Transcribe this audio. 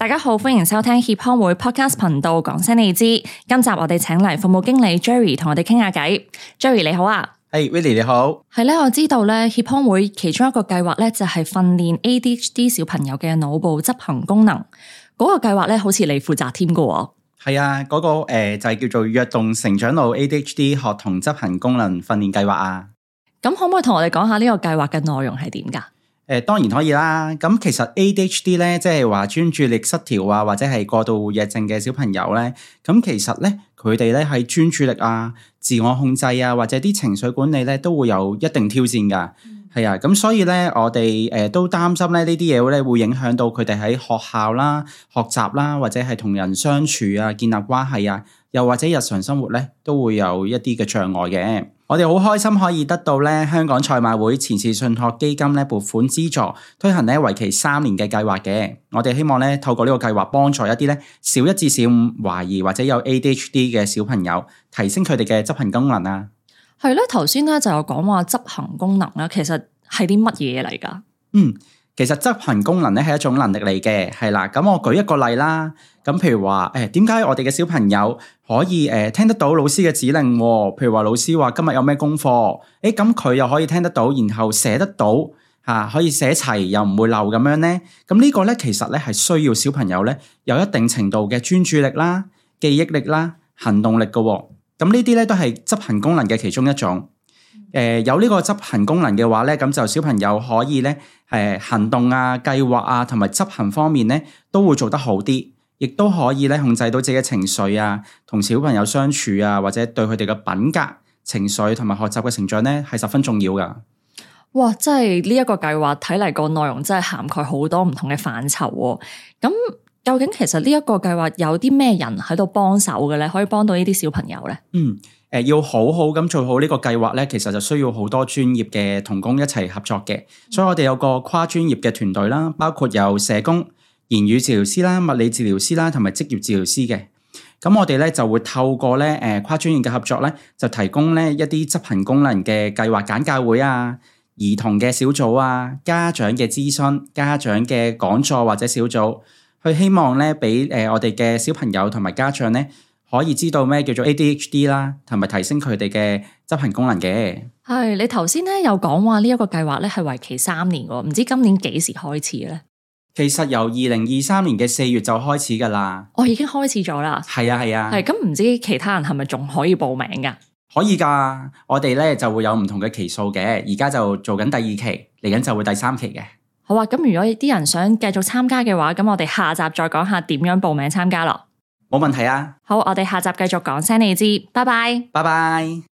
大家好，歡迎收聽協康會 podcast 頻道，講聲你知，今集我哋請嚟服務經理 Jerry 同我哋傾下偈。Jerry 你好啊，係、hey, Willy 你好，係咧、嗯、我知道咧協康會其中一個計劃咧就係訓練 ADHD 小朋友嘅腦部執行功能，嗰、那個計劃咧好似你負責添嘅，係啊，嗰、那個誒、呃、就係、是、叫做躍動成長路 ADHD 學童執行功能訓練計劃啊。咁、嗯、可唔可以同我哋講下呢個計劃嘅內容係點噶？誒當然可以啦，咁其實 ADHD 咧，即係話專注力失調啊，或者係過度活躍症嘅小朋友咧，咁其實咧佢哋咧係專注力啊、自我控制啊，或者啲情緒管理咧都會有一定挑戰噶，係啊、嗯，咁所以咧我哋誒都擔心咧呢啲嘢咧會影響到佢哋喺學校啦、學習啦，或者係同人相處啊、建立關係啊，又或者日常生活咧都會有一啲嘅障礙嘅。我哋好開心可以得到咧香港賽馬會慈善信託基金咧撥款資助推行咧為期三年嘅計劃嘅，我哋希望咧透過呢個計劃幫助一啲咧小一至小五懷疑或者有 A D H D 嘅小朋友，提升佢哋嘅執行功能啊。係咧，頭先咧就有講話，執行功能咧，其實係啲乜嘢嚟㗎？嗯。其實執行功能咧係一種能力嚟嘅，係啦，咁我舉一個例啦，咁譬如話，誒、哎，點解我哋嘅小朋友可以誒、呃、聽得到老師嘅指令、哦？譬如話老師話今日有咩功課，誒、哎，咁佢又可以聽得到，然後寫得到，吓、啊、可以寫齊又唔會漏咁樣咧。咁呢個咧其實咧係需要小朋友咧有一定程度嘅專注力啦、記憶力啦、行動力嘅、哦。咁呢啲咧都係執行功能嘅其中一種。誒、呃，有呢個執行功能嘅話咧，咁就小朋友可以咧，誒、呃、行動啊、計劃啊同埋執行方面咧，都會做得好啲，亦都可以咧控制到自己嘅情緒啊，同小朋友相處啊，或者對佢哋嘅品格、情緒同埋學習嘅成長咧，係十分重要噶。哇，真係呢一個計劃睇嚟，個內容真係涵蓋好多唔同嘅範疇。咁究竟其實計劃呢一個計劃有啲咩人喺度幫手嘅咧，可以幫到呢啲小朋友咧？嗯。誒，要好好咁做好呢個計劃咧，其實就需要好多專業嘅同工一齊合作嘅，所以我哋有個跨專業嘅團隊啦，包括有社工、言語治療師啦、物理治療師啦，同埋職業治療師嘅。咁我哋咧就會透過咧，誒跨專業嘅合作咧，就提供咧一啲執行功能嘅計劃簡介會啊，兒童嘅小組啊，家長嘅諮詢、家長嘅講座或者小組，去希望咧俾誒我哋嘅小朋友同埋家長咧。可以知道咩叫做 ADHD 啦，同埋提升佢哋嘅執行功能嘅。係你頭先咧，有講話呢一個計劃咧係為期三年嘅，唔知今年幾時開始咧？其實由二零二三年嘅四月就開始噶啦，我、哦、已經開始咗啦。係啊係啊，係咁唔知其他人係咪仲可以報名噶？可以噶我哋咧就會有唔同嘅期數嘅。而家就做緊第二期，嚟緊就會第三期嘅。好啊，咁如果啲人想繼續參加嘅話，咁我哋下集再講下點樣報名參加咯。冇問題啊！好，我哋下集繼續講聲你知，拜拜，拜拜。